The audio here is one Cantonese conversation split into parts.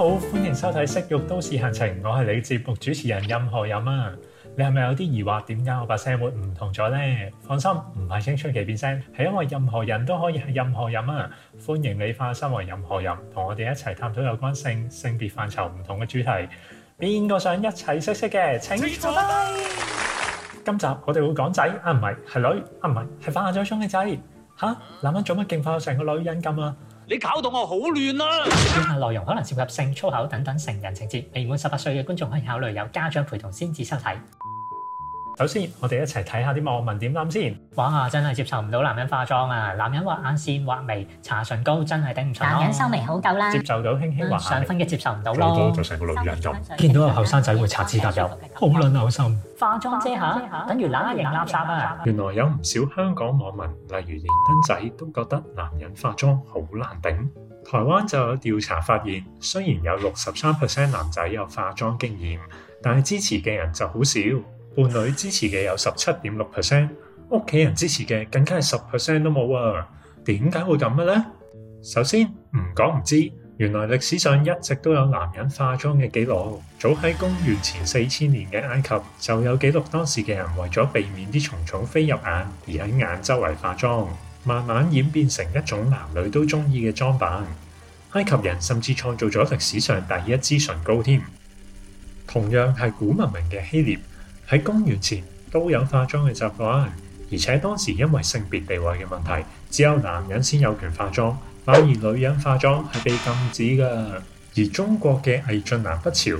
好，歡迎收睇《色慾都市閒情》，我係你節目主持人任何淫啊，你係咪有啲疑惑？點解我把聲會唔同咗呢？放心，唔係青春期變聲，係因為任何人都可以係任何淫啊！歡迎你化身為任何淫，同我哋一齊探討有關性、性別範疇唔同嘅主題。邊個想一齊識識嘅，請坐。彩今集我哋會講仔啊，唔係係女啊，唔係係化咗妝嘅仔吓，男人做乜勁化成個女人咁啊？你搞到我好亂啦，啊！以下內容可能涉及性、粗口等等成人情節，未滿十八歲嘅觀眾可以考慮有家長陪同先至收睇。首先，我哋一齊睇下啲網民點諗先。下，真係接受唔到男人化妝啊！男人畫眼線、畫眉、搽唇膏，真係頂唔順。男人修眉好夠啦，接受到輕輕畫。上分嘅接受唔到咯，就成個女人咁。見到個後生仔會擦指甲油，好卵嘔心。化妝遮下，等於乸型垃圾啊！原來有唔少香港網民，例如連登仔，都覺得男人化妝好難頂。台灣就有調查發現，雖然有六十三 percent 男仔有化妝經驗，但係支持嘅人就好少。伴侶支持嘅有十七點六 percent，屋企人支持嘅更加係十 percent 都冇啊。點解會咁嘅呢？首先唔講唔知，原來歷史上一直都有男人化妝嘅記錄。早喺公元前四千年嘅埃及就有記錄，當時嘅人為咗避免啲蟲蟲飛入眼而喺眼周圍化妝，慢慢演變成一種男女都中意嘅妝品裝扮。埃及人甚至創造咗歷史上第一支唇膏，添。同樣係古文明嘅希臘。喺公元前都有化妝嘅習慣，而且當時因為性別地位嘅問題，只有男人先有權化妝，反而女人化妝係被禁止嘅。而中國嘅魏晉南北朝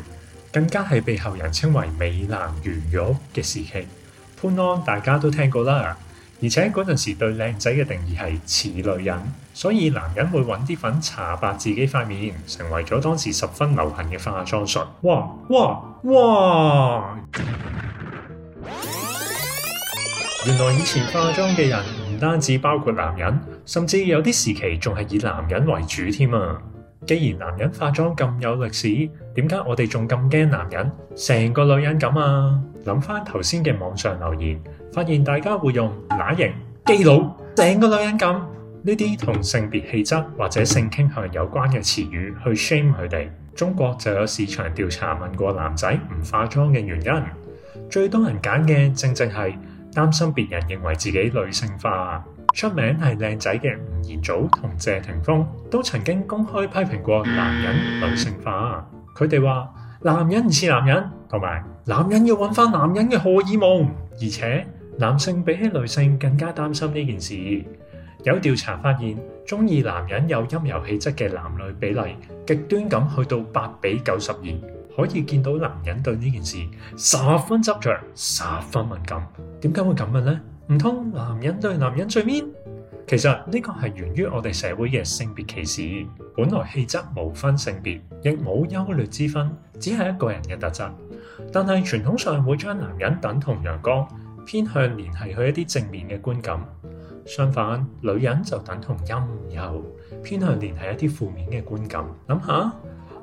更加係被後人稱為美男如玉嘅時期。潘安大家都聽過啦，而且嗰陣時對靚仔嘅定義係似女人，所以男人會揾啲粉搽白自己塊面，成為咗當時十分流行嘅化妝術。哇哇哇！原來以前化妝嘅人唔單止包括男人，甚至有啲時期仲係以男人為主添啊！既然男人化妝咁有歷史，點解我哋仲咁驚男人？成個女人咁啊！諗翻頭先嘅網上留言，發現大家會用乸型、基佬、成個女人咁呢啲同性別氣質或者性傾向有關嘅詞語去 shame 佢哋。中國就有市場調查問過男仔唔化妝嘅原因，最多人揀嘅正正係。擔心別人認為自己女性化，出名係靚仔嘅吳彥祖同謝霆鋒都曾經公開批評過男人女性化。佢哋話：男人唔似男人，同埋男人要揾翻男人嘅荷爾蒙。而且男性比起女性更加擔心呢件事。有調查發現，中意男人有陰柔氣質嘅男女比例極端咁去到八比九十二。可以見到男人對呢件事十分執著，十分敏感。點解會咁問呢？唔通男人對男人最面？其實呢個係源於我哋社會嘅性別歧視。本來氣質無分性別，亦冇優劣之分，只係一個人嘅特質。但係傳統上會將男人等同陽光，偏向聯繫去一啲正面嘅觀感；相反，女人就等同陰柔，偏向聯繫一啲負面嘅觀感。諗下。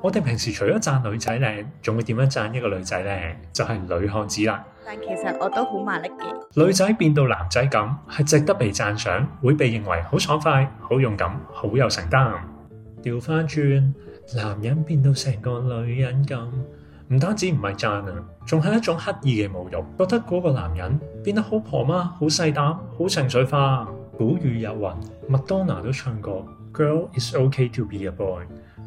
我哋平時除咗讚女仔靚，仲會點樣讚一個女仔呢？就係女漢子啦。但其實我都好麻力嘅。女仔變到男仔咁，係值得被讚賞，會被認為好爽快、好勇敢、好有承擔。調翻轉，男人變到成個女人咁，唔單止唔係讚啊，仲係一種刻意嘅侮辱。覺得嗰個男人變得好婆媽、好細膽、好情緒化。古語有云：麥當娜都唱過，《Girl is OK to be a boy》。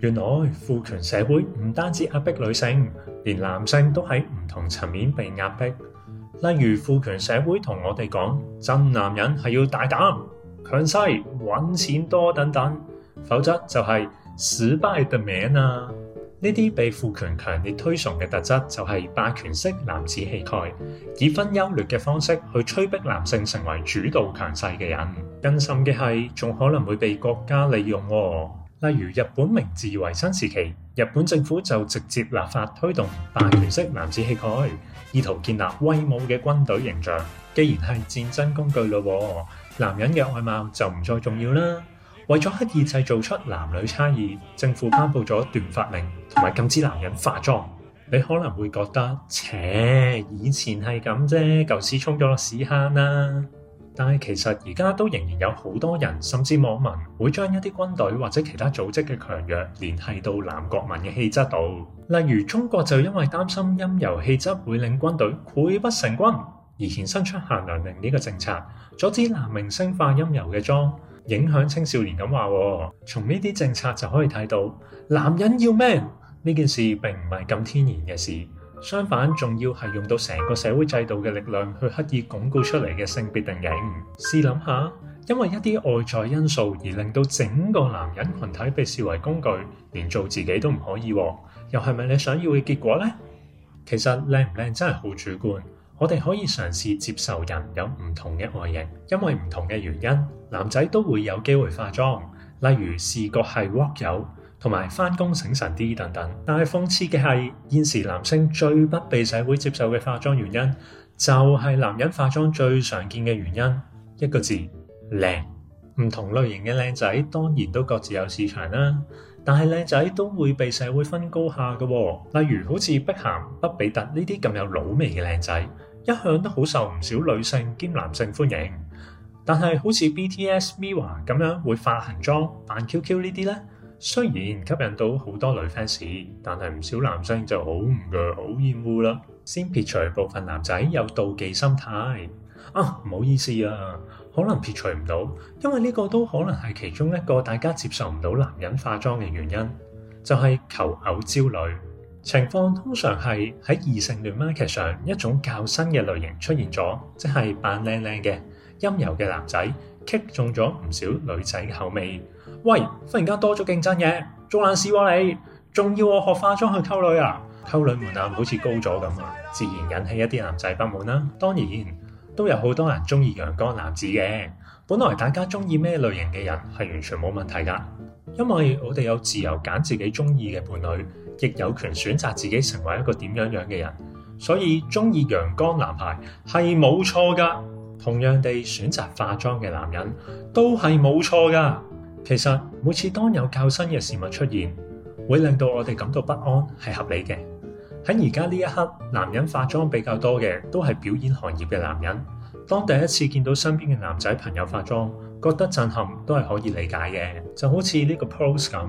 原來父權社會唔單止壓迫女性，連男性都喺唔同層面被壓迫。例如，父權社會同我哋講，真男人係要大膽、強勢、揾錢多等等，否則就係失敗嘅名啊！呢啲被父權強烈推崇嘅特質，就係霸權式男子氣概，以分優劣嘅方式去催逼男性成為主導強勢嘅人。更甚嘅係，仲可能會被國家利用、哦。例如日本明治維新時期，日本政府就直接立法推動霸權式男子氣概，意圖建立威武嘅軍隊形象。既然係戰爭工具咯，男人嘅外貌就唔再重要啦。為咗刻意製造出男女差異，政府頒布咗斷髮令同埋禁止男人化妝。你可能會覺得，切，以前係咁啫，舊時沖咗落屎坑啦。但係其實而家都仍然有好多人，甚至網民會將一啲軍隊或者其他組織嘅強弱聯繫到男國民嘅氣質度。例如中國就因為擔心陰柔氣質會令軍隊潰不成軍，而衍生出「限量令」呢個政策，阻止男明星化陰柔嘅妝，影響青少年咁話。從呢啲政策就可以睇到，男人要 man 呢件事並唔係咁天然嘅事。相反，仲要係用到成個社會制度嘅力量去刻意鞏固出嚟嘅性別定型。試諗下，因為一啲外在因素而令到整個男人群體被視為工具，連做自己都唔可以，又係咪你想要嘅結果呢？其實靚唔靚真係好主觀，我哋可以嘗試接受人有唔同嘅外形，因為唔同嘅原因，男仔都會有機會化妝，例如視覺系屈友。O，同埋翻工醒神啲等等，但係諷刺嘅係，現時男性最不被社會接受嘅化妝原因，就係、是、男人化妝最常見嘅原因，一個字靚。唔同類型嘅靚仔當然都各自有市場啦，但係靚仔都會被社會分高下嘅、哦。例如好似碧咸、畢比特呢啲咁有老味嘅靚仔，一向都好受唔少女性兼男性歡迎，但係好似 BTS、MIRROR 咁樣會化韓妝扮 QQ 呢啲呢。雖然吸引到好多女 fans，但係唔少男生就好唔嘅好厭惡啦。先撇除部分男仔有妒忌心態啊，唔好意思啊，可能撇除唔到，因為呢個都可能係其中一個大家接受唔到男人化妝嘅原因，就係求偶焦慮。情況通常係喺異性戀 market 上一種較新嘅類型出現咗，即係扮靚靚嘅陰柔嘅男仔。擊中咗唔少女仔嘅口味，喂！忽然間多咗競爭嘢，做爛事喎、啊、你，仲要我學化妝去溝女啊？溝女門檻好似高咗咁啊，自然引起一啲男仔不滿啦、啊。當然都有好多人中意陽光男子嘅，本來大家中意咩類型嘅人係完全冇問題噶，因為我哋有自由揀自己中意嘅伴侶，亦有權選擇自己成為一個點樣樣嘅人，所以中意陽光男孩係冇錯噶。同樣地，選擇化妝嘅男人都係冇錯噶。其實每次當有較新嘅事物出現，會令到我哋感到不安係合理嘅。喺而家呢一刻，男人化妝比較多嘅都係表演行業嘅男人。當第一次見到身邊嘅男仔朋友化妝，覺得震撼都係可以理解嘅。就好似呢個 Prose 咁，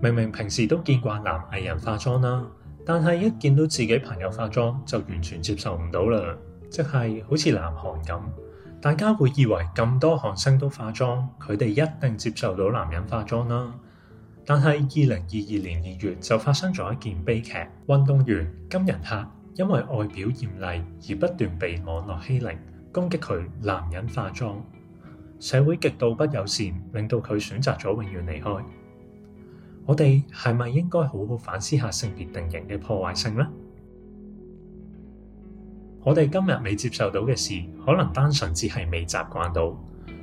明明平時都見慣男藝人化妝啦，但係一見到自己朋友化妝就完全接受唔到啦。即係好似南韓咁，大家會以為咁多韓星都化妝，佢哋一定接受到男人化妝啦。但係二零二二年二月就發生咗一件悲劇，運動員金仁赫因為外表豔麗而不斷被網絡欺凌、攻擊佢男人化妝，社會極度不友善，令到佢選擇咗永遠離開。我哋係咪應該好好反思下性別定型嘅破壞性呢？我哋今日未接受到嘅事，可能單純只係未習慣到。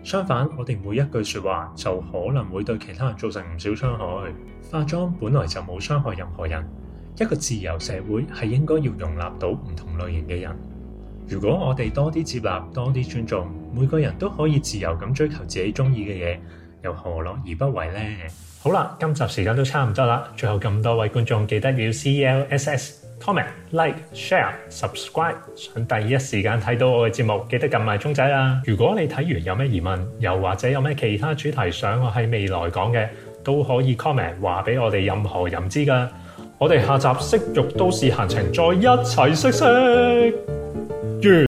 相反，我哋每一句說話就可能會對其他人造成唔少傷害。化妝本來就冇傷害任何人。一個自由社會係應該要容納到唔同類型嘅人。如果我哋多啲接納、多啲尊重，每個人都可以自由咁追求自己中意嘅嘢，又何樂而不為呢？好啦，今集時間都差唔多啦，最後咁多位觀眾記得要 CLSS。Comment、Like、Share、Subscribe，想第一時間睇到我嘅節目，記得撳埋鐘仔啊！如果你睇完有咩疑問，又或者有咩其他主題想我喺未來講嘅，都可以 comment 話俾我哋任何淫知噶。我哋下集《色慾都市閒情》再一齊識識。